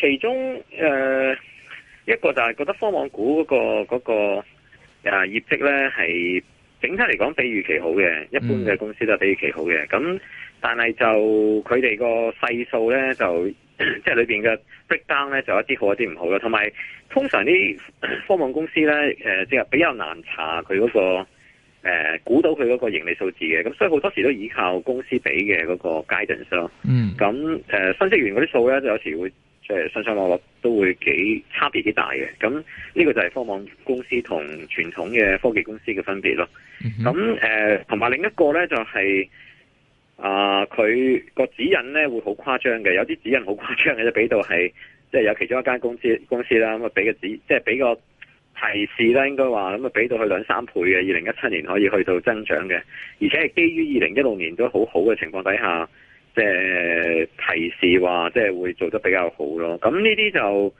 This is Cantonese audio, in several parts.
其中誒、呃、一個就係覺得科網股嗰、那個嗰、那個誒、啊、業績咧係整體嚟講比預期好嘅，一般嘅公司都係比預期好嘅。咁、嗯、但係就佢哋個細數咧就即係裏邊嘅 breakdown 咧就有一啲好一啲唔好咯。同埋通常啲科網公司咧誒即係比較難查佢嗰、那個誒、呃、估到佢嗰個盈利數字嘅。咁所以好多時都依靠公司俾嘅嗰個 Guidance 咯。嗯。咁誒、呃、分析完嗰啲數咧就有時會即係上上落落都會幾差別幾大嘅，咁呢、這個就係科網公司同傳統嘅科技公司嘅分別咯。咁、mm-hmm. 誒，同、呃、埋另一個呢，就係、是、啊，佢、呃、個指引呢會好誇張嘅，有啲指引好誇張嘅，就俾到係即係有其中一間公司公司啦，咁啊俾個指即係俾個提示啦，應該話咁啊俾到佢兩三倍嘅二零一七年可以去到增長嘅，而且係基於二零一六年都很好好嘅情況底下。即係提示話，即係會做得比較好囉。咁呢啲就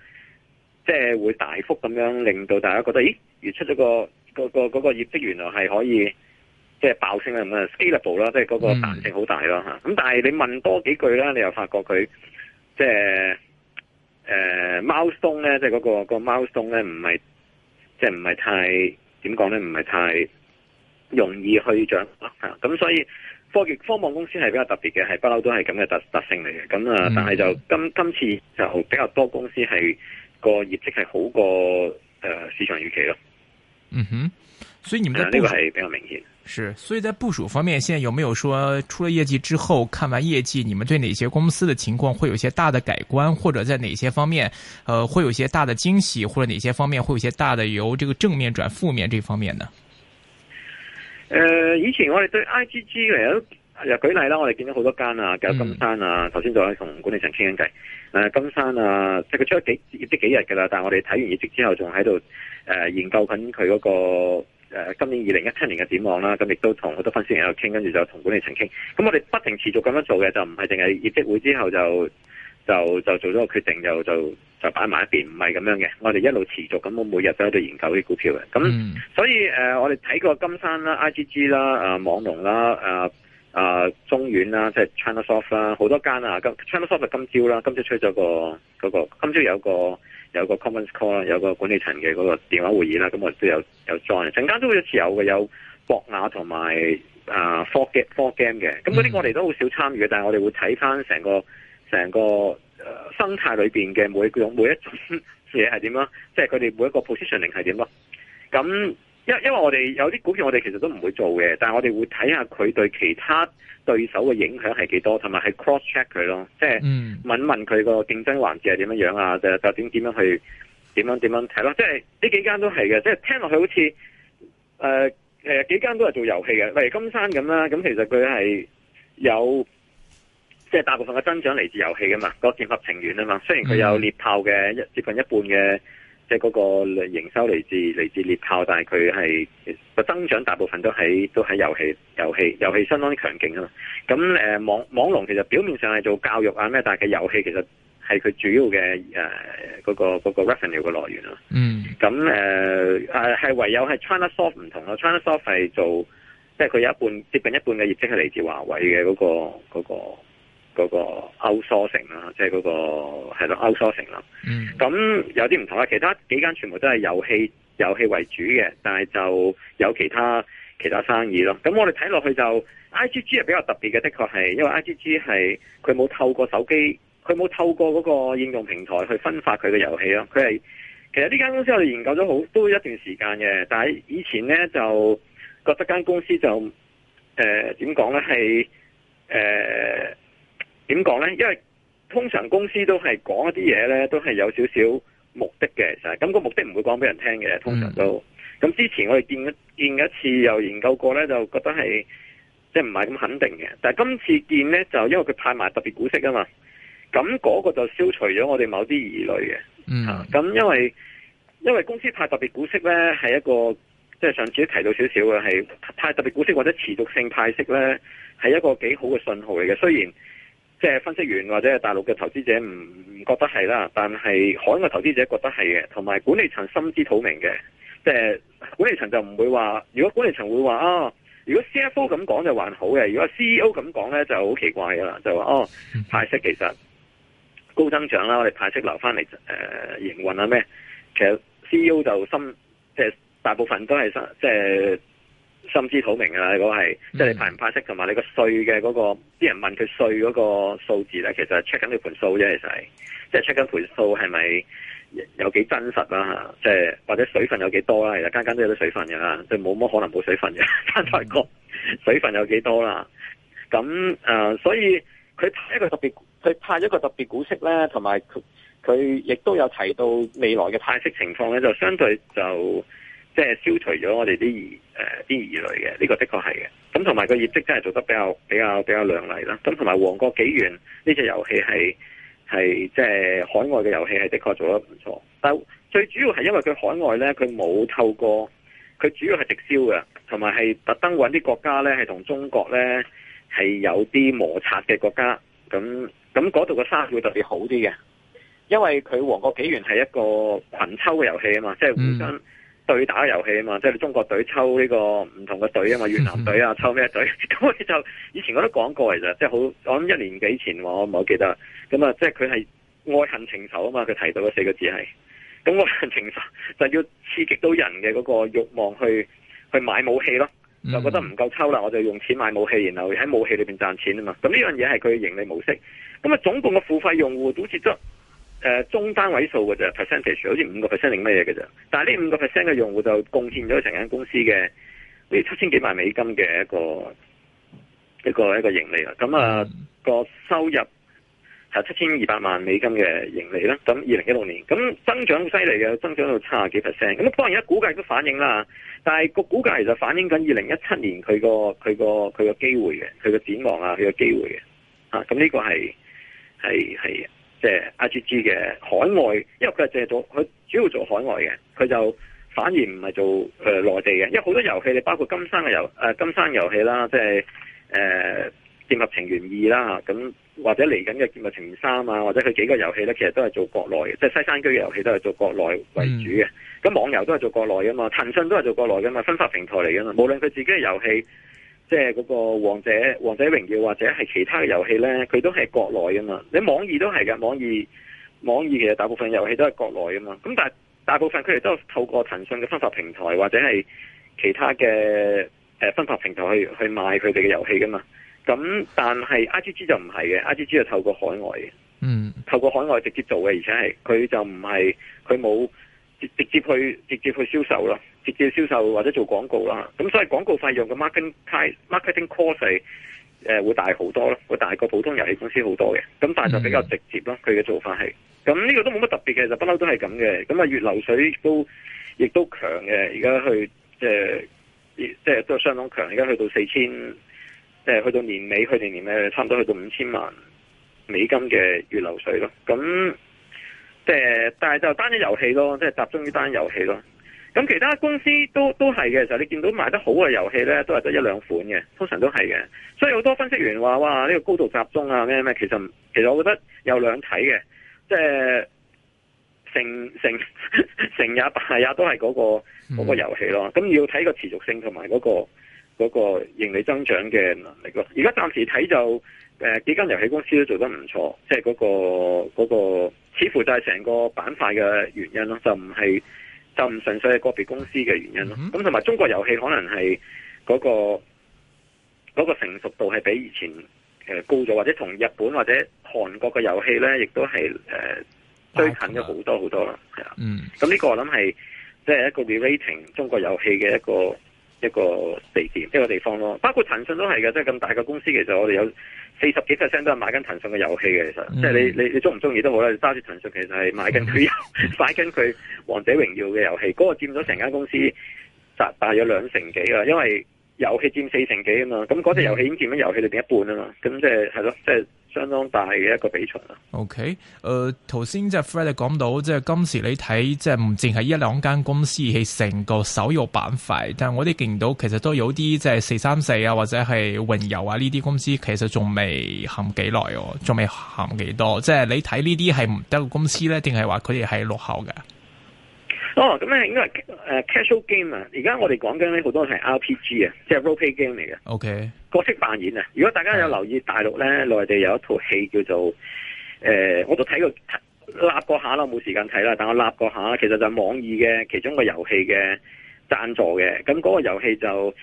即係、就是、會大幅咁樣令到大家覺得，咦？而出咗個個個嗰個業績原來係可以即係、就是、爆升咧，咁啊 scalable 啦，即係嗰個彈性好大囉。咁但係你問多幾句啦，你又發覺佢即係誒貓松呢，即係嗰個個貓松呢，唔係即係唔係太點講呢，唔係太容易去掌握。咁所以。科技科網公司係比較特別嘅，係不嬲都係咁嘅特特性嚟嘅。咁啊，但係就今今次就比較多公司係個業績係好過誒、呃、市場預期咯。嗯哼，所以你們嘅呢、嗯這個係比較明顯。是，所以在部署方面，現在有沒有說出了業績之後，看完業績，你們對哪些公司的情況會有一些大的改觀，或者在哪些方面，呃，會有一些大的驚喜，或者哪些方面會有一些大的由這個正面轉負面這方面呢？誒、呃，以前我哋對 I G G 嚟，都又舉例啦，我哋見到好多間啊，有金山啊，頭先喺同管理層傾緊偈，誒、呃，金山啊，即係佢出咗幾業績幾日噶啦，但係我哋睇完業績之後，仲喺度誒研究緊佢嗰個誒、呃、今年二零一七年嘅展望啦。咁、嗯、亦都同好多分析人又傾，就跟住就同管理層傾。咁、嗯、我哋不停持續咁樣做嘅，就唔係淨係業績會之後就就就做咗個決定就就。就擺埋一邊，唔係咁樣嘅。我哋一路持續咁、嗯呃，我每日都喺度研究啲股票嘅。咁所以誒，我哋睇過金山啦、IGG 啦、誒網龍啦、誒誒中遠啦，即係 ChinaSoft 啦，好多間啊。咁、啊啊就是、ChinaSoft 就今朝啦，今朝出咗個嗰、那個、今朝有個有個 conference call 啦，有個管理層嘅嗰個電話會議啦。咁我哋都有有 join。陣間都會有持有嘅，有博雅同埋誒 four four game 嘅。咁嗰啲我哋都好少參與嘅，但係我哋會睇返成個成個。整個生態裏邊嘅每一種每一種嘢係點咯，即係佢哋每一個 positioning 係點咯。咁因因為我哋有啲股票我哋其實都唔會做嘅，但係我哋會睇下佢對其他對手嘅影響係幾多，同埋係 cross check 佢咯，即係問問佢個競爭環節係點樣樣啊，就就點點樣去點樣點樣睇咯。即係呢幾間都係嘅，即係聽落去好似誒誒幾間都係做遊戲嘅，例如金山咁啦。咁其實佢係有。即係大部分嘅增長嚟自遊戲㗎嘛，個劍俠情緣啊嘛。雖然佢有獵豹嘅一接近一半嘅，即係嗰個營收嚟自嚟自獵豹，但係佢係個增長大部分都喺都喺遊戲、遊戲、遊戲相當之強勁啊嘛。咁誒網網龍其實表面上係做教育啊咩，但係佢遊戲其實係佢主要嘅誒嗰個嗰、那個 revenue 嘅來源咯。嗯。咁誒誒係唯有係 China Soft 唔同啊，China Soft 係做即係佢有一半接近一半嘅業績係嚟自華為嘅嗰個嗰個。那個嗰、那個 outsourcing 啦，即係嗰個咯 outsourcing 啦。嗯，咁有啲唔同啦，其他幾間全部都係遊戲遊戲為主嘅，但係就有其他其他生意咯。咁我哋睇落去就 IGG 係比較特別嘅，的確係因為 IGG 係佢冇透過手機，佢冇透過嗰個應用平台去分發佢嘅遊戲咯。佢係其實呢間公司我哋研究咗好多一段時間嘅，但係以前呢，就覺得間公司就誒點講呢？係誒。呃點講呢？因為通常公司都係講一啲嘢，呢都係有少少目的嘅，咁、嗰個目的唔會講俾人聽嘅，通常都咁。之前我哋見見一次又研究過呢，就覺得係即係唔係咁肯定嘅。但係今次見呢，就因為佢派埋特別股息啊嘛，咁嗰個就消除咗我哋某啲疑慮嘅。咁、嗯啊、因為因為公司派特別股息呢，係一個即係、就是、上次都提到少少嘅，係派特別股息或者持續性派息呢，係一個幾好嘅信號嚟嘅，雖然。即係分析員或者係大陸嘅投資者唔唔覺得係啦，但係海外投資者覺得係嘅，同埋管理層心知肚明嘅。即係管理層就唔會話，如果管理層會話啊、哦，如果 CFO 咁講就還好嘅，如果 CEO 咁講咧就好奇怪噶啦，就話哦派息其實高增長啦，我哋派息留翻嚟誒營運啊咩，其實 CEO 就心即係大部分都係生即係。即係心知肚明噶啦，如果係即係你派唔派息同埋你個稅嘅嗰個，啲人問佢稅嗰個數字咧，其實係 check 緊呢盤數啫，其實係即係 check 緊盤數係咪有幾真實啦吓，即係或者水分有幾多啦，其實間間都有啲水分嘅啦，即係冇乜可能冇水分嘅，翻台個水分有幾多啦。咁誒、呃，所以佢派一個特別，佢派一個特別股息咧，同埋佢佢亦都有提到未來嘅派息情況咧，就相對就。即係消除咗我哋啲疑，誒啲疑慮嘅，呢、這個的確係嘅。咁同埋個業績真係做得比較比較比較亮麗啦。咁同埋《王國紀元》呢隻遊戲係係即係海外嘅遊戲係的確做得唔錯。但最主要係因為佢海外咧，佢冇透過佢主要係直銷嘅，同埋係特登揾啲國家咧係同中國咧係有啲摩擦嘅國家。咁咁嗰度嘅沙票會特別好啲嘅，因為佢《王國紀元》係一個群抽嘅遊戲啊嘛，即係互相。對打遊戲啊嘛，即係中國隊抽呢個唔同嘅隊啊嘛，越南隊啊抽咩隊，咁 我就以前我都講過嚟咋，即係好我諗一年幾前我唔好記得，咁啊即係佢係愛恨情仇啊嘛，佢提到嗰四個字係，咁愛恨情仇就要刺激到人嘅嗰個慾望去去買武器咯，mm-hmm。就覺得唔夠抽啦，我就用錢買武器，然後喺武器裏邊賺錢啊嘛，咁呢樣嘢係佢嘅盈利模式，咁啊總共個付費用戶都幾誒、呃、中單位數嘅啫，percentage 好似五個 percent 定咩嘢嘅啫。但係呢五個 percent 嘅用戶就貢獻咗成間公司嘅好似七千幾萬美金嘅一個一個一個盈利啊。咁啊個收入係七千二百萬美金嘅盈利啦。咁二零一六年咁增長好犀利嘅，增長到七十幾 percent。咁當然而家股價都反映啦。但係個股價其實反映緊二零一七年佢個佢個佢個機會嘅，佢個展望啊，佢個機會嘅啊。咁呢個係係係。即係 IGG 嘅海外因為佢係借到，佢主要做海外嘅，佢就反而唔係做誒內地嘅，因為好多遊戲你包括金山嘅遊、呃、金山遊戲啦，即係誒劍俠情緣二啦，咁或者嚟緊嘅劍俠情緣三啊，或者佢幾個遊戲咧，其實都係做國內嘅，即係西山居嘅遊戲都係做國內為主嘅，咁網遊都係做國內嘅嘛，騰訊都係做國內嘅嘛，分發平台嚟嘅嘛，無論佢自己嘅遊戲。即係嗰個王者，王者榮耀或者係其他嘅遊戲咧，佢都係國內㗎嘛。你網易都係噶，網易網易其實大部分遊戲都係國內㗎嘛。咁但係大部分佢哋都係透過騰訊嘅分發平台或者係其他嘅誒、呃、分發平台去去賣佢哋嘅遊戲噶嘛。咁但係 IGG 就唔係嘅 IGG 就透過海外嘅，嗯，透過海外直接做嘅，而且係佢就唔係佢冇直直接去直接去銷售啦。直接銷售或者做廣告啦，咁所以廣告費用嘅 market- marketing marketing cost 係會大好多咯，會大過普通遊戲公司好多嘅，咁但係就比較直接咯，佢嘅做法係，咁呢個都冇乜特別嘅，就不嬲都係咁嘅，咁啊月流水都亦都強嘅，而家去誒、呃，即係都相當強，而家去到四千、呃，即係去到年尾去年尾去年尾去年尾，差唔多去到五千萬美金嘅月流水咯，咁即係但係就是單一遊戲咯，即係集中於單一遊戲咯。咁其他公司都都係嘅，就係你見到賣得好嘅遊戲咧，都係得一兩款嘅，通常都係嘅。所以好多分析員話，哇，呢個高度集中啊，咩咩，其實其實我覺得有兩睇嘅，即係成成成也敗也都係嗰個嗰個遊戲咯。咁要睇個持續性同埋嗰個嗰個盈利增長嘅能力咯。而家暫時睇就誒幾間遊戲公司都做得唔錯，即係嗰個嗰個似乎就係成個板塊嘅原因咯，就唔係。就唔純粹係個別公司嘅原因咯，咁同埋中國遊戲可能係嗰個嗰個成熟度係比以前誒高咗，或者同日本或者韓國嘅遊戲咧，亦都係誒追近咗好多好多啦，係啊，嗯，咁呢個我諗係即係一個 re-rating 中國遊戲嘅一個。一個地點，一個地方咯，包括騰訊都係嘅，即係咁大嘅公司。其實我哋有四十幾 percent 都係買緊騰訊嘅遊戲嘅，其實、mm-hmm. 即係你你你中唔中意都好。我揸住騰訊，其實係買緊佢遊，mm-hmm. 買緊佢王者榮耀嘅遊戲，嗰、嗰個占咗成間公司大大約兩成幾啊，因為遊戲占四成幾啊嘛，咁嗰隻遊戲已經占咗遊戲裏邊一半啊嘛，咁即係係咯，即係。相當大嘅一個比賽 OK，誒、呃，頭先即係 Fred 講講到，即係今時你睇，即係唔淨係一兩間公司係成個手遊板塊，但係我哋見到其實都有啲即係四三四啊，或者係榮遊啊呢啲公司，其實仲未行幾耐喎，仲未行幾多。即係你睇呢啲係唔得個公司咧，定係話佢哋係落後嘅？哦，咁咧應該係誒 casual game 啊，而家我哋講緊咧好多係 RPG 啊，即係 rope game 嚟嘅。O K. 角色扮演啊，如果大家有留意大陸咧，內地有一套戲叫做誒、呃，我都睇過，立過下啦，冇時間睇啦，但我立過下，其實就網易嘅其中個遊戲嘅讚助嘅，咁、那、嗰個遊戲就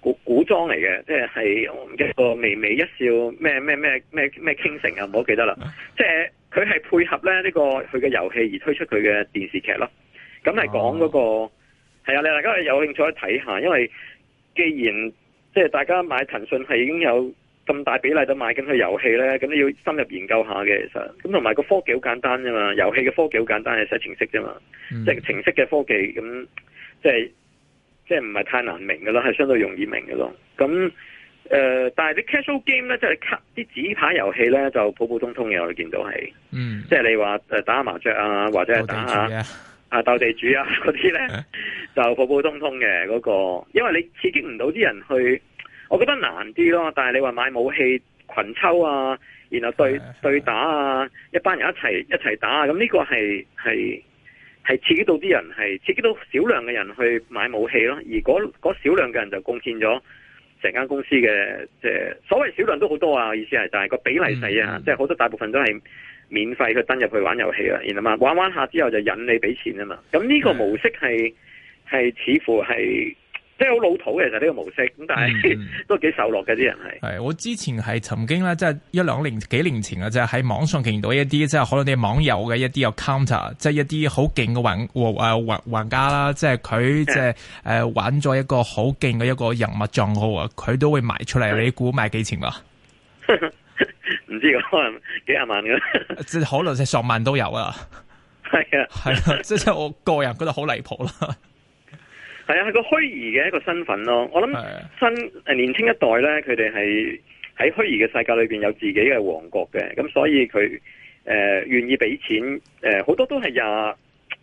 古古裝嚟嘅，即係一個微微一笑咩咩咩咩咩傾城啊，唔好記得啦，即係佢係配合咧、這、呢個佢嘅遊戲而推出佢嘅電視劇咯。咁係講嗰個係啊，你、哦、大家有興趣可以睇下，因為既然即係、就是、大家買騰訊係已經有咁大比例都買緊佢遊戲咧，咁你要深入研究下嘅其實。咁同埋個科技好簡單啫嘛，遊戲嘅科技好簡單係寫程式啫嘛，即、嗯、係、就是、程式嘅科技咁即係即係唔係太難明噶喇，係相對容易明噶咯。咁誒、呃，但係啲 casual game 咧，即係啲紙牌遊戲咧，就普普通通嘅，我哋見到係。嗯。即、就、係、是、你話誒打下麻雀啊，或者係打下。啊鬥地主啊嗰啲呢，就普普通通嘅嗰個，因為你刺激唔到啲人去，我覺得難啲咯。但係你話買武器群抽啊，然後對對打啊，一班人一齊一齊打啊，咁呢個係係係刺激到啲人，係刺激到少量嘅人去買武器咯。而嗰少量嘅人就貢獻咗。成間公司嘅即係所謂少量都好多啊，意思係就係個比例細啊，即係好多大部分都係免費去登入去玩遊戲啊，然後玩玩下之後就引你俾錢啊嘛，咁呢個模式係係、嗯、似乎係。即係好老土，嘅，就呢個模式咁，但係都幾受落嘅啲、嗯、人係。係我之前係曾經咧，即係一兩年幾年前嘅啫，喺網上見到一啲即係可能你網遊嘅一啲嘅 counter，即係一啲好勁嘅玩誒玩玩家啦，即係佢即係誒、呃、玩咗一個好勁嘅一個人物帳號啊，佢都會賣出嚟，你估賣幾錢啊？唔知啊，幾廿萬即係可能係十萬， 即可能十萬都有啊。係啊。係啊，即係我個人覺得好離譜啦。係啊，係個虛擬嘅一個身份咯。我諗新誒年輕一代咧，佢哋係喺虛擬嘅世界裏邊有自己嘅王國嘅，咁所以佢誒願意俾錢誒，好、呃、多都係廿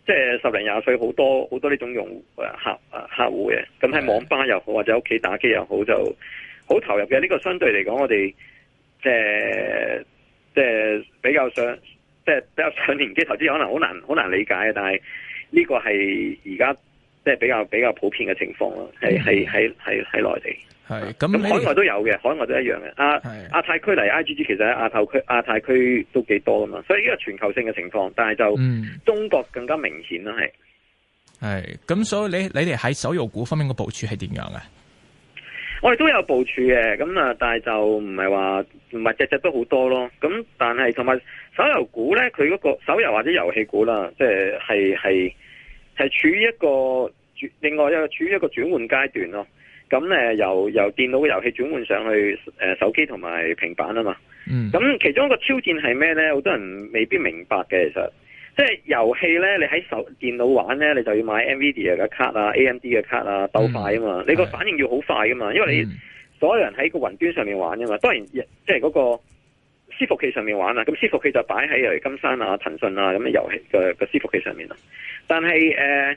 即係十零廿歲，好多好多呢種用戶誒客誒客戶嘅，咁喺網吧又好，或者屋企打機又好，就好投入嘅。呢、呢個相對嚟講，我哋即係即係比較上，即係比較上年紀投資，可能好難好難理解嘅。但係呢個係而家。即係比較比較普遍嘅情況咯，係係係係喺內地，係咁咁，海外都有嘅，海外都一樣嘅。亞亞太區嚟 I G G 其實喺亞太區，亞太區都幾多噶嘛，所以呢個全球性嘅情況，但係就中國更加明顯啦，係係咁。咁所以你你哋喺手遊股方面嘅部署係點樣嘅？我哋都有部署嘅，咁啊，但係就唔係話唔係只只都好多咯。咁但係同埋手遊股咧，佢嗰個手遊或者遊戲股啦，即係係係係處於一個。另外又處於一個轉換階段咯，咁誒由由電腦嘅遊戲轉換上去誒、呃、手機同埋平板啊嘛，咁、嗯、其中一個挑戰係咩咧？好多人未必明白嘅其實，即係遊戲咧，你喺手電腦玩咧，你就要買 NVIDIA 嘅卡啊、AMD 嘅卡啊，鬥快啊嘛，嗯、你個反應要好快啊嘛，因為你所有人喺個雲端上面玩啊嘛，當然、嗯、即係嗰個伺服器上面玩啊，咁伺服器就擺喺金山啊、騰訊啊咁嘅遊戲嘅個伺服器上面啦，但係誒。呃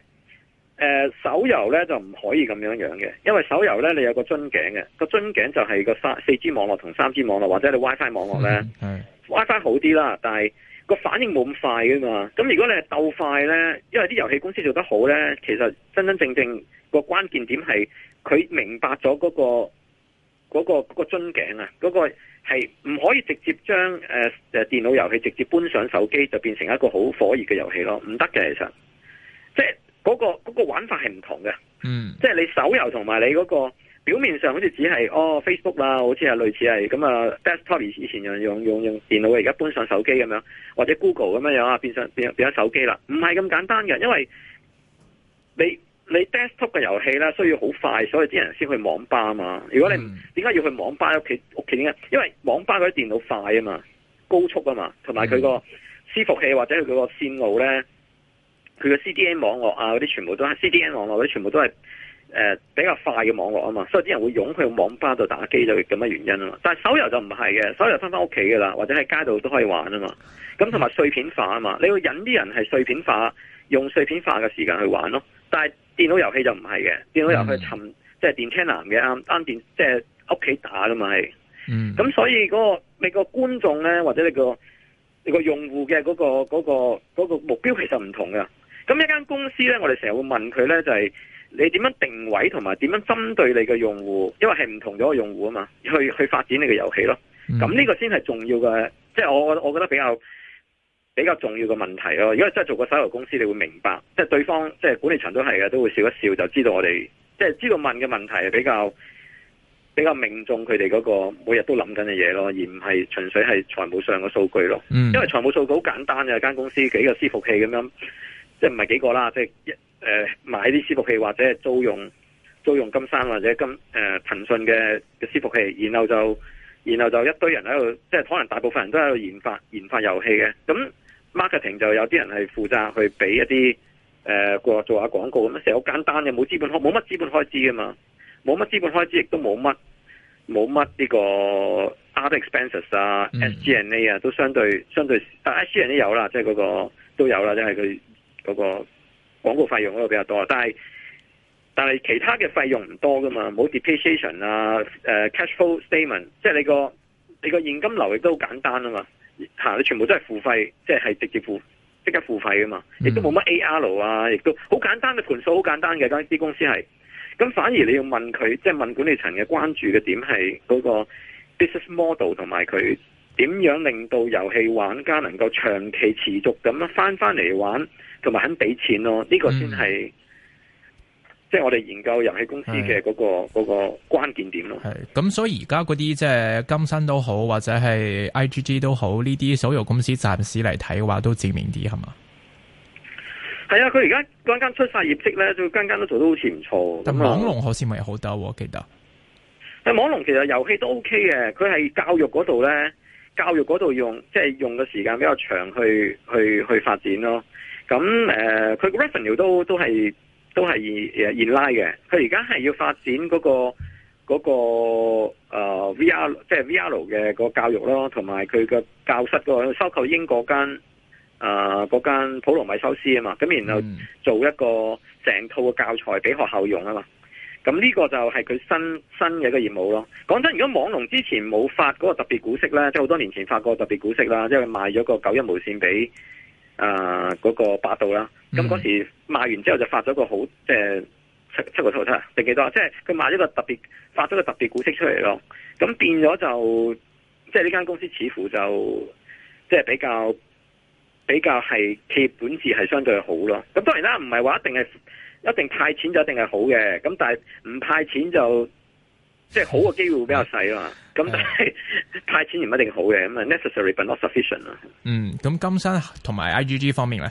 誒、呃，手遊咧就唔可以咁樣樣嘅，因為手遊咧你有個樽頸嘅，個樽頸就係個三四 G 網絡同三 G 網絡或者你 WiFi 網絡咧、嗯、，WiFi 好啲啦，但係個反應冇咁快㗎嘛。咁如果你係鬥快咧，因為啲遊戲公司做得好咧，其實真真正正個關鍵點係佢明白咗嗰、那個嗰、那個嗰、那個樽頸啊，嗰、那個係唔可以直接將誒誒電腦遊戲直接搬上手機就變成一個好火熱嘅遊戲咯，唔得嘅其實，即係。嗰個、嗰個玩法係唔同嘅，嗯，即係你手遊同埋你嗰個表面上好似只係哦 Facebook 啦，好似係類似係咁啊 desktop 以前用用用用電腦，而家搬上手機咁樣，或者 Google 咁樣樣啊，變上變變咗手機啦，唔係咁簡單嘅，因為你你 desktop 嘅遊戲咧需要好快，所以啲人先去網吧嘛。如果你唔點解要去網吧？屋企屋企點解？因為網吧嗰啲電腦快啊嘛，高速啊嘛，同埋佢個伺服器或者佢個線路咧。佢嘅 CDN 網絡啊，嗰啲全部都係 CDN 網絡，啊，嗰啲全部都係誒、呃、比較快嘅網絡啊嘛，所以啲人會湧去網吧度打機就咁、係、嘅原因啊嘛。但係手遊就唔係嘅，手遊翻返屋企㗎啦，或者喺街度都可以玩啊嘛。咁同埋碎片化啊嘛，你要引啲人係碎片化用碎片化嘅時間去玩咯。但係電腦遊戲就唔係嘅，電腦遊戲沉、嗯、即係電車男嘅啱啱電即係屋企打㗎嘛係。咁、嗯、所以嗰、嗰個你個觀眾咧，或者你，你、個你、個用戶嘅嗰個嗰嗰目標其實唔同嘅。咁一間公司呢，我哋成日會問佢呢，就係、是、你點樣定位同埋點樣針對你嘅用戶，因為係唔同咗個用戶啊嘛，去去發展你嘅遊戲咯。咁、嗯、呢個先係重要嘅，即、就、係、是、我我覺得比較比較重要嘅問題咯。如果真係做個手遊公司，你會明白，即、就、係、是、對方即係、就是、管理層都係嘅，都會笑一笑就知道我哋即係知道問嘅問題係比較比較命中佢哋嗰個每日都諗緊嘅嘢咯，而唔係純粹係財務上嘅數據咯。嗯、因為財務數據好簡單嘅，一間公司幾個伺服器咁樣。即係唔係幾個啦？即係、呃、一誒買啲伺服器，或者租用租用金山或者金誒、呃、騰訊嘅嘅伺服器，然後就然後就一堆人喺度，即係可能大部分人都喺度研發研發遊戲嘅。咁 marketing 就有啲人係負責去俾一啲誒個做下廣告咁樣，成日好簡單嘅，冇資本開冇乜資本開支嘅嘛，冇乜資本開支亦都冇乜冇乜呢個 art expenses 啊、SG&A 啊、嗯，都相對相對但係 SG&A 有啦，即係、那、嗰、個、都有啦，即係佢。嗰、那個廣告費用嗰度比較多，但係但係其他嘅費用唔多㗎嘛，冇 depreciation 啊、呃、cash flow statement，即係你個你個現金流亦都好簡單嘛啊嘛，你全部都係付費，即、就、係、是、直接付即刻付費㗎嘛，亦都冇乜 AR 啊，亦都好簡單嘅盤數，好簡單嘅，啲公司係，咁反而你要問佢，即、就、係、是、問管理層嘅關注嘅點係嗰個 business model 同埋佢點樣令到遊戲玩家能夠長期持續咁樣返返嚟玩。同埋肯俾錢咯，呢、這個先係、嗯、即係我哋研究遊戲公司嘅嗰、那個嗰、那個關鍵點咯。咁，所以而家嗰啲即係金山都好，或者係 I G G 都好，呢啲手遊公司暫時嚟睇嘅話都致命啲，係嘛？係啊，佢而家間間出晒業績咧，就間間都做得好似唔錯。但網龍好似咪好得，我記得。但網龍其實遊戲都 O K 嘅，佢係教育嗰度咧，教育嗰度用即係用嘅時間比較長去，去去去發展咯。咁誒，佢、呃、Revenue 都都係都係誒現拉嘅。佢而家係要發展嗰、嗰個嗰、嗰個、呃、VR，即係 VR 嘅個教育咯，同埋佢個教室、嗰個收購英國間誒嗰間普羅米修斯啊嘛。咁然後做一個成套嘅教材俾學校用啊嘛。咁呢個就係佢新新嘅一個業務咯。講真，如果網龍之前冇發嗰個特別股息咧，即係好多年前發過特別股息啦，即係佢賣咗個九一無線俾。啊！嗰、那個百度啦，咁、嗯、嗰時賣完之後就發咗個好，即係七七個七毫七，定幾多？即係佢賣咗個特別，發咗個特別股息出嚟咯。咁變咗就，即係呢間公司似乎就，即係比較比較係企業本質係相對好咯。咁當然啦，唔係話一定係一定派錢就一定係好嘅。咁但係唔派錢就。即係好嘅機會比較細啊嘛，咁、嗯、但係、嗯、派錢唔一定好嘅，咁啊 necessary but not sufficient 嗯，咁金山同埋 IGG 方面咧？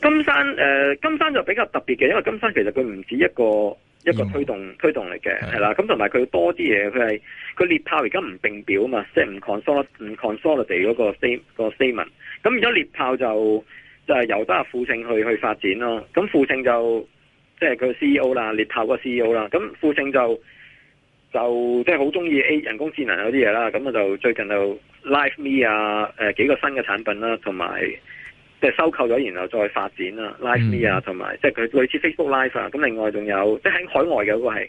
金山誒、呃，金山就比較特別嘅，因為金山其實佢唔止一個一個推動推動力嘅，係、嗯、啦，咁同埋佢多啲嘢，佢係佢獵豹而家唔併表啊嘛，即、就、係、是、唔 consolidate 唔 consolidate 嗰個 s a 個 statement。咁而家獵豹就就係、是、由得阿富盛去去發展咯，咁富盛就。即係佢個 CEO 啦，獵豹個 CEO 啦，咁富盛就就即係好中意 A 人工智能嗰啲嘢啦，咁啊就最近就 LiveMe 啊，誒、呃、幾個新嘅產品啦、啊，同埋即係收購咗然後再發展啦、嗯、LiveMe 啊，同埋即係佢類似 Facebook Live 啊，咁另外仲有即係喺海外嘅嗰個係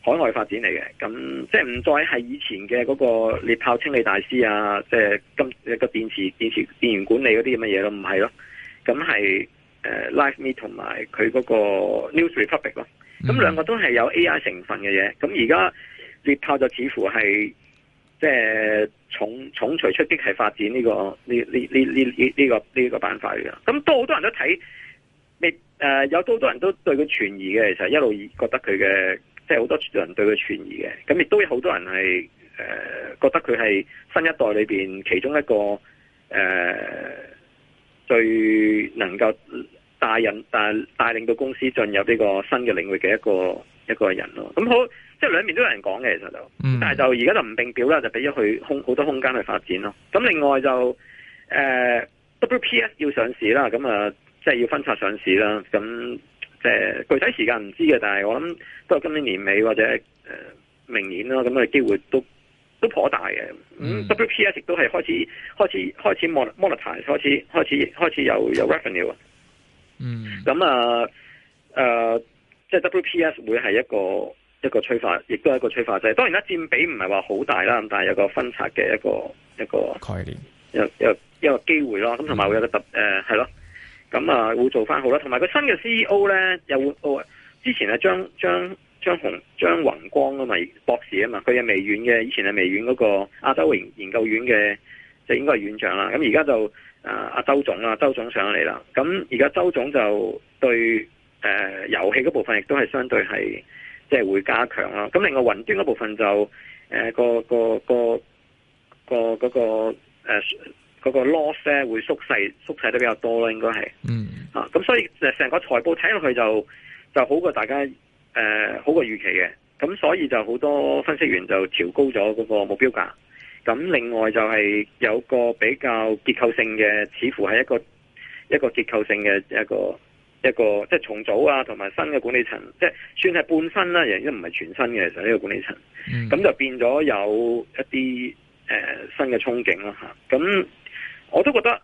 海外發展嚟嘅，咁即係唔再係以前嘅嗰個獵豹清理大師啊，即係今個電池電池電源管理嗰啲咁嘅嘢咯，唔係咯，咁係。誒、uh, Live Me 同埋佢嗰個 News Republic 咯，咁兩個都係有 AI 成分嘅嘢，咁而家獵豹就似乎係即係重重錘出擊，係發展呢、這個呢呢呢呢呢個呢、這個版塊嘅，咁、這個這個、都好多人都睇，未、呃、誒有好多人都對佢存疑嘅，其實一路覺得佢嘅即係好多人對佢存疑嘅，咁亦都有好多人係誒、呃、覺得佢係新一代裏邊其中一個誒。呃最能夠帶引帶帶領到公司進入呢個新嘅領域嘅一個一個人咯，咁好，即係兩面都有人講嘅其實就，但係就而家就唔併表啦，就俾咗佢空好多空間去發展咯。咁另外就誒、呃、WPS 要上市啦，咁啊即係要分拆上市啦，咁即係具體時間唔知嘅，但係我諗都係今年年尾或者誒、呃、明年咯，咁嘅機會都都頗大嘅，嗯，WPS 亦都係開始開始開始 mon monetise，開始開始開始有有 revenue 啊，嗯，咁啊，誒、呃，即、呃、係、就是、WPS 會係一個一個催化，亦都係一個催化劑、就是。當然啦，佔比唔係話好大啦，咁但係有個分拆嘅一個一個概念，有有一個機會咯。咁同埋會有個特誒係咯，咁啊、呃、會做翻好啦。同埋個新嘅 CEO 咧又會之前咧將將。將張宏張宏光啊嘛，博士啊嘛，佢係微軟嘅，以前係微軟嗰個亞洲研研究院嘅，就應該係院長啦。咁而家就啊阿、呃、周總啊，周總上嚟啦。咁而家周總就對誒遊戲嗰部分亦都係相對係即係會加強啦。咁另外雲端嗰部分就誒、呃、個個個個嗰個誒、呃那個 loss 咧會縮細縮細得比較多啦，應該係嗯咁、啊、所以成個財報睇落去就就好過大家。誒、呃，好過預期嘅，咁所以就好多分析員就調高咗嗰個目標價。咁另外就係有個比較結構性嘅，似乎係一個一個結構性嘅一個一個即係重組啊，同埋新嘅管理層，即係算係半新啦，啊，亦都唔係全新嘅。其實呢個管理層，咁、嗯、就變咗有一啲誒、呃、新嘅憧憬啦，啊、吓。咁、啊、我都覺得誒、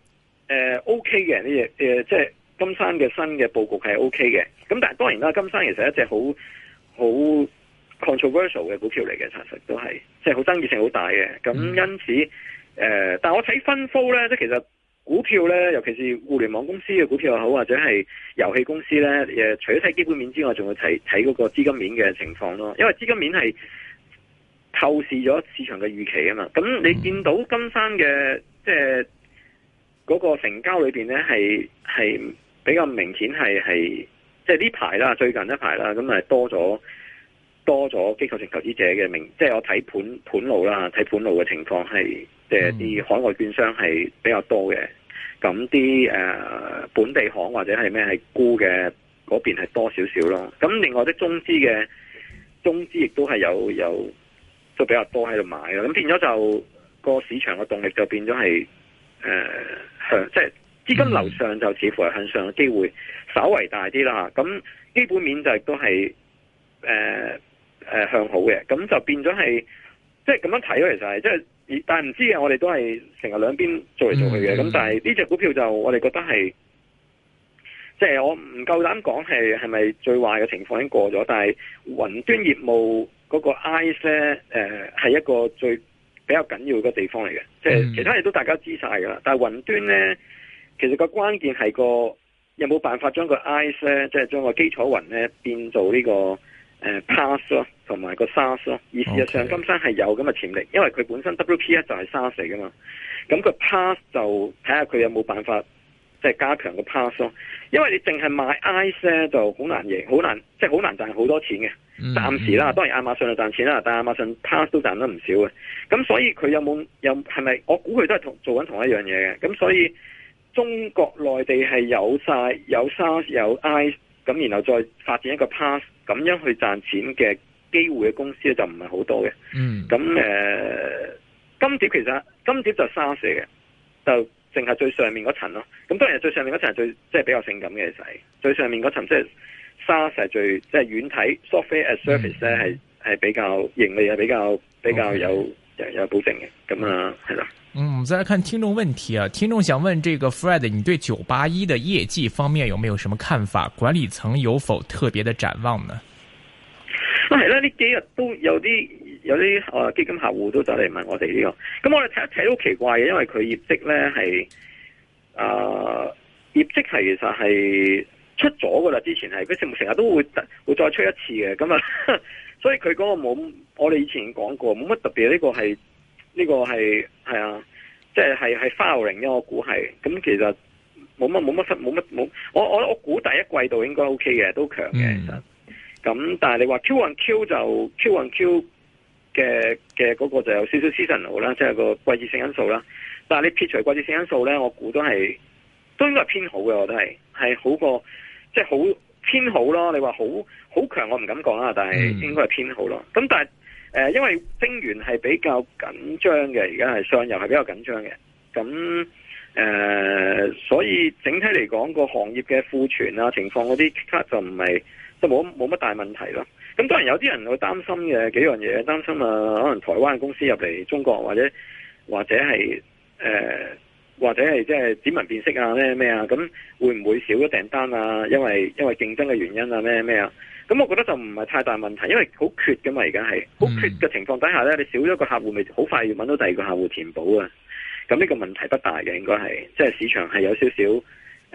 呃、OK 嘅呢嘢。誒、呃、即係。金山嘅新嘅布局係 O K 嘅，咁但係當然啦，金山其實係一隻好好 controversial 嘅股票嚟嘅，查實都係即係好爭議性好大嘅。咁因此，誒、呃，但我睇分鋪呢，即係其實股票呢，尤其是互聯網公司嘅股票又好，或者係遊戲公司呢，除咗睇基本面之外，仲要睇睇嗰個資金面嘅情況咯。因為資金面係透視咗市場嘅預期啊嘛。咁你見到金山嘅即係。呃嗰、那個成交裏面咧，係係比較明顯係係，即係呢排啦，就是、最近一排啦，咁係多咗多咗機構性投資者嘅明，即、就、係、是、我睇盤盤路啦，睇盤路嘅情況係，即係啲海外券商係比較多嘅，咁啲誒本地行或者係咩係沽嘅嗰邊係多少少咯，咁另外啲中資嘅中資亦都係有有都比較多喺度買嘅，咁變咗就、那個市場嘅動力就變咗係誒。呃即係資金流上就似乎係向上嘅機會稍為大啲啦，咁基本面就係都係誒誒向好嘅，咁就變咗係即係咁樣睇咯，其實係即係但係唔知嘅，我哋都係成日兩邊做嚟做去嘅，咁、嗯、但係呢隻股票就我哋覺得係即係我唔夠膽講係係咪最壞嘅情況已經過咗，但係雲端業務嗰個 ICE 誒係一個最。比較緊要個地方嚟嘅，即係其他嘢都大家都知晒噶啦。但係雲端咧，其實個關鍵係個有冇辦法將個 IaaS 咧，即係將個基礎雲咧變做呢個誒 pass 咯，同埋個 SaaS 咯。而事實上，金山係有咁嘅潛力，因為佢本身 WPS 就係 SaaS 嚟噶嘛。咁個 pass 就睇下佢有冇辦法。即係加強個 pass 咯，因為你淨係買 I 呢就好難贏，好難即係好難賺好多錢嘅，嗯嗯。暫時啦，當然亞馬遜就賺錢啦，但係亞馬遜 pass 都賺得唔少嘅。咁所以佢有冇有係咪？我估佢都係同做緊同一樣嘢嘅。咁所以，嗯、中國內地係有晒有 sars 有 I，咁然後再發展一個 pass，咁樣去賺錢嘅機會嘅公司咧就唔係好多嘅。嗯，咁誒，呃嗯、金碟其實金碟就 sars 嚟嘅，就。淨係最上面嗰層咯，咁當然係最上面嗰層最即係、就是、比較性感嘅仔，就是、最上面嗰層即係沙石最即係遠睇，Software as Service 咧係係比較盈利啊，比較比較有、okay. 有，有保證嘅，咁啊係啦。嗯，再嚟看聽眾問題啊，聽眾想問這個 Fred，你對九八一嘅業績方面有沒有什麼看法？管理層有否特別的展望呢？係、啊、啦，呢幾日都有啲。有啲誒基金客戶都走嚟問我哋呢個，咁我哋睇一睇都奇怪嘅，因為佢業績咧係誒業績係其實係出咗㗎喇，之前係佢成成日都會會再出一次嘅，咁啊，所以佢嗰個冇，我哋以前講過冇乜特別，呢個係呢個係係啊，即係係係 filing 一我估係，咁其實冇乜冇乜冇乜冇，我我我估第一季度應該 OK 嘅，都強嘅，嗯，其實，咁但係你話 Q on Q 就 Q on Q。Q1Q 嘅嘅嗰個就有少少 seasonal 啦，即係個季節性因素啦。但係你撇除季節性因素咧，我估都係都應該係偏好嘅，我覺得係係好過即係、即係、好偏好咯。你話好好強我，我唔敢講啦，但係應該係偏好咯。咁、mm. 但係誒、呃，因為晶圓係比較緊張嘅，而家係上游係比較緊張嘅。咁誒、呃，所以整體嚟講、嗰個行業嘅庫存啊情況嗰啲，就唔係即冇冇乜大問題咯。咁當然有啲人會擔心嘅幾樣嘢，擔心啊，可能台灣嘅公司入嚟中國，或者或者係誒，或者係即係指紋辨識啊，咩咩啊，咁會唔會少咗訂單啊？因為因為競爭嘅原因啊，咩咩啊？咁我覺得就唔係太大問題，因為好缺㗎嘛，而家係好缺嘅情況底下呢，你少咗個客戶，咪好快要揾到第二個客戶填補啊。咁呢個問題不大嘅，應該係即係市場係有少少。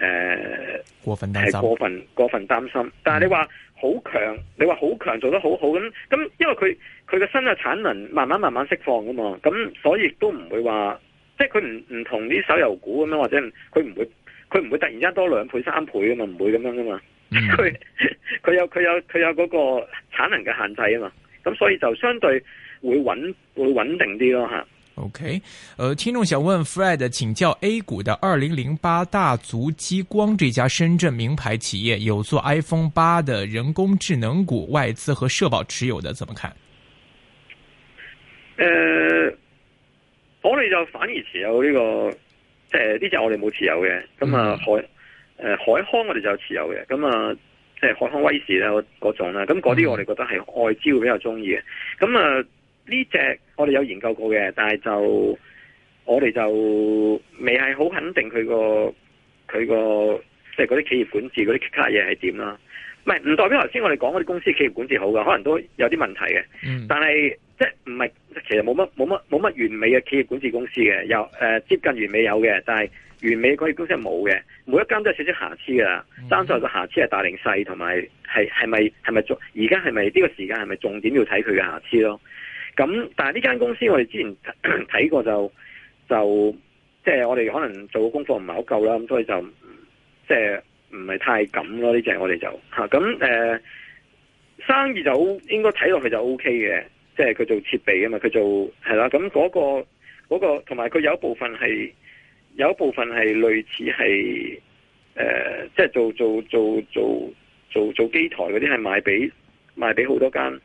誒、呃，過分係過分擔心，嗯、過分擔心，但係你話好強，你話好強做得好好咁咁，因為佢佢嘅新嘅產能慢慢慢慢釋放噶嘛，咁所以都唔會話，即係佢唔唔同啲手遊股咁樣或者佢唔會佢唔會突然間多兩倍三倍噶嘛，唔會咁樣噶嘛，佢佢有佢有佢有嗰個產能嘅限制啊嘛，咁所以就相對會穩會穩定啲咯吓。OK，誒、呃，聽眾想問 Fred 請教 A 股的，二零零八大族激光這家深圳名牌企業有做 iPhone 八的人工智能股，外資和社保持有的，怎麼看？誒、呃，我哋就反而持有呢、這個，即係呢隻我哋冇持有嘅，咁啊海誒、嗯呃、海康我哋就持有嘅，咁啊即係海康威視咧嗰種啦，咁嗰啲我哋覺得係外資會比較中意嘅，咁啊。嗯嗯呢隻我哋有研究過嘅，但係就我哋就未係好肯定佢個佢個即係嗰啲企業管治嗰啲卡嘢係點啦。唔係唔代表頭先我哋講嗰啲公司企業管治好㗎，可能都有啲問題嘅、嗯。但係即係唔係，其實冇乜冇乜冇乜完美嘅企業管治公司嘅。有、誒、呃、接近完美有嘅，但係完美嗰啲公司係冇嘅。每一間都係少少瑕疵噶。三所謂嘅瑕疵係大定細，同埋係係咪係咪重？而家係咪呢個時間係咪重點要睇佢嘅瑕疵咯？咁，但係呢間公司我哋之前睇過就就即係、就是、我哋可能做功課唔係好夠啦，咁所以就即係唔係太敢咯，呢隻我哋就咁誒、啊呃、生意就應該睇落去就 OK 嘅，即係佢做設備嘅嘛，佢做係啦，咁嗰、嗰個嗰同埋佢有一部分係有一部分係類似係即係做做做做做做機台嗰啲係賣俾賣俾好多間。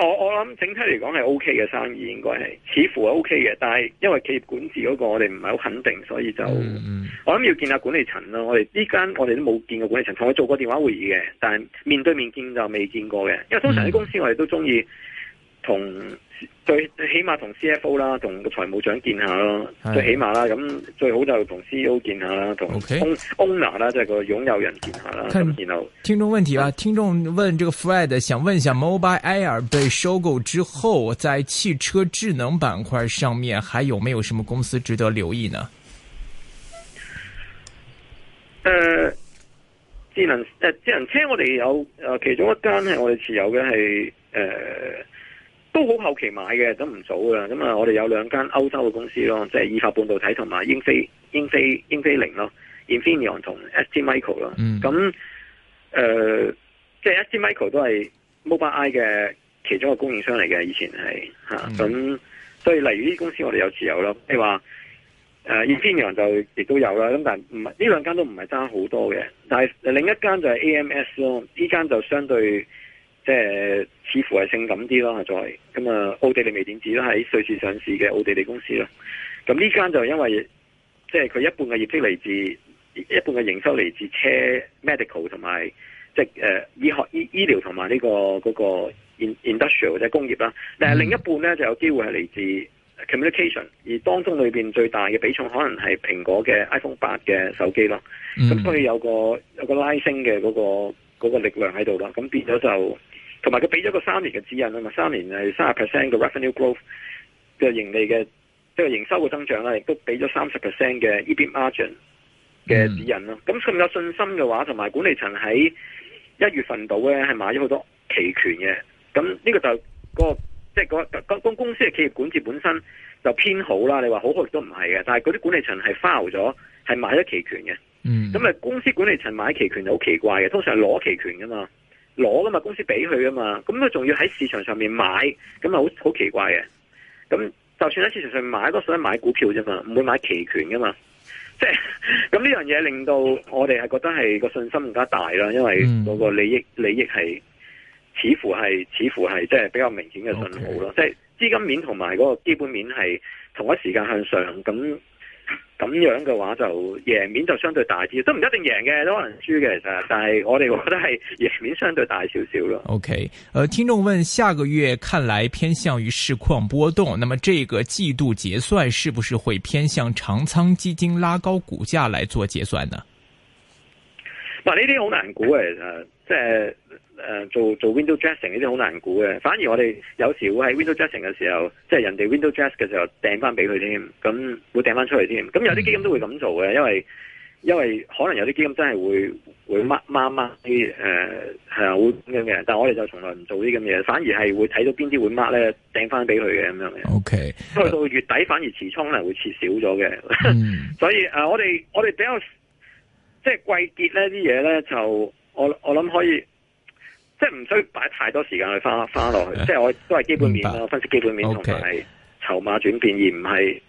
我我諗整體嚟講係 O K 嘅生意，應該係似乎係 O K 嘅，但係因為企業管治嗰個我哋唔係好肯定，所以就我諗要見下管理層咯。我哋呢間我哋都冇見過管理層，同我做過電話會議嘅，但係面對面見就未見過嘅。因為通常啲公司我哋都中意。同最起碼同 CFO 啦，同個財務長見下啦，哎、最起碼啦，咁最好就同 CEO 見下啦，同 o 翁啦啦，這個楊有人見下啦。聽聽眾問題啊，呃、聽眾問這個 Fred 想問一下，Mobile Air 被收購之後，在汽車智能版塊上面，還有沒有什麼公司值得留意呢？誒、呃，智能誒、呃、智能車我，我哋有誒其中一間係我哋持有嘅係誒。呃都好後期買嘅，都唔早噶啦。咁啊，我哋有兩間歐洲嘅公司咯，即係意法半導體同埋英飛英飛英飛凌咯，Infineon 同 STMicro 咯。咁、嗯、誒、呃，即係 STMicro 都係 Mobile Eye 嘅其中一個供應商嚟嘅，以前係咁、嗯啊、所以例如呢啲公司，我哋有持有咯。譬如話誒、呃嗯、Infineon 就亦都有啦。咁但唔係呢兩間都唔係爭好多嘅。但係另一間就係 AMS 咯，呢間就相對。即係似乎係性感啲咯，再咁啊，奧地利微電子都喺瑞士上市嘅奧地利公司咯。咁、嗯、呢間就因為即係佢一半嘅業績嚟自，一半嘅營收嚟自車 medical 同埋即係誒、呃、醫學醫醫療同埋呢個嗰、那個 industrial 即係工業啦。但係另一半咧就有機會係嚟自 communication，而當中裏邊最大嘅比重可能係蘋果嘅 iPhone 八嘅手機咯。咁所以有個有個拉升嘅嗰、那個。嗰、那個力量喺度啦，咁變咗就同埋佢俾咗個三年嘅指引啊嘛，三年係三十 percent 嘅 revenue growth 嘅盈利嘅即係營收嘅增長啦，亦都俾咗三十 percent 嘅 EBIT margin 嘅指引咯。咁、嗯、佢有信心嘅話，同埋管理層喺一月份度咧係買咗好多期權嘅。咁呢個就嗰即係嗰嗰公司嘅企業管治本身就偏好啦。你話好好亦都唔係嘅，但係嗰啲管理層係 file 咗，係買咗期權嘅。咁、嗯、公司管理層買期權就好奇怪嘅，通常係攞期權噶嘛，攞噶嘛，公司俾佢噶嘛，咁佢仲要喺市場上面買，咁啊好好奇怪嘅。咁就算喺市場上面買，都想買股票啫嘛，唔會買期權噶嘛。即係咁呢樣嘢令到我哋係覺得係個信心更加大啦，因為嗰個利益利益係似乎係似乎係即係比較明顯嘅信號囉。Okay. 即係資金面同埋嗰個基本面係同一時間向上咁。咁樣嘅話就贏面就相對大啲，都唔一定贏嘅，都可能輸嘅其實。但係我哋覺得係贏面相對大少少咯。OK，誒、呃，聽眾問，下個月看來偏向於市況波動，那麼這個季度結算是不是會偏向長倉基金拉高股價來做結算呢？嗱，呢啲好難估嘅，誒，即係。誒、呃，做做 window dressing 呢啲好難估嘅，反而我哋有時會喺 window dressing 嘅時候，即係人哋 window dress 嘅時候，掟翻俾佢添，咁會掟翻出嚟添。咁有啲基金都會咁做嘅，因為因為可能有啲基金真係會會掹掹啲誒，係啊，會咁、呃、樣嘅。但係我哋就從來唔做啲咁嘢，反而係會睇到邊啲會掹咧，掟翻俾佢嘅咁樣嘅。O K，去到月底反而持倉咧會切少咗嘅，嗯、 所以誒、呃，我哋我哋比較即係季結呢啲嘢咧，就我我諗可以。即係唔需要擺太多時間去翻翻落去，即係我都係基本面分析，基本面同埋籌碼轉變，而唔係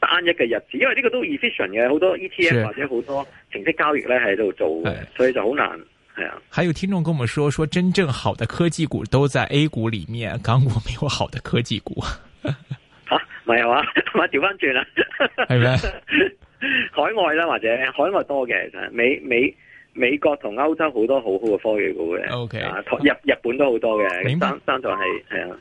單一嘅日子，okay. 因為呢個都 efficient 嘅，好多 ETF 或者好多程式交易咧喺度做，所以就好難，係啊。還有聽眾跟我們說，說真正好的科技股都在 A 股裏面，港股沒有好的科技股。吓、 啊，唔係啊嘛，我調翻轉啦，係 咪、right.？海外啦，或者海外多嘅，美美。美國同歐洲好多好好嘅科技股嘅，O K，日日本都好多嘅，咁單單就係係啊。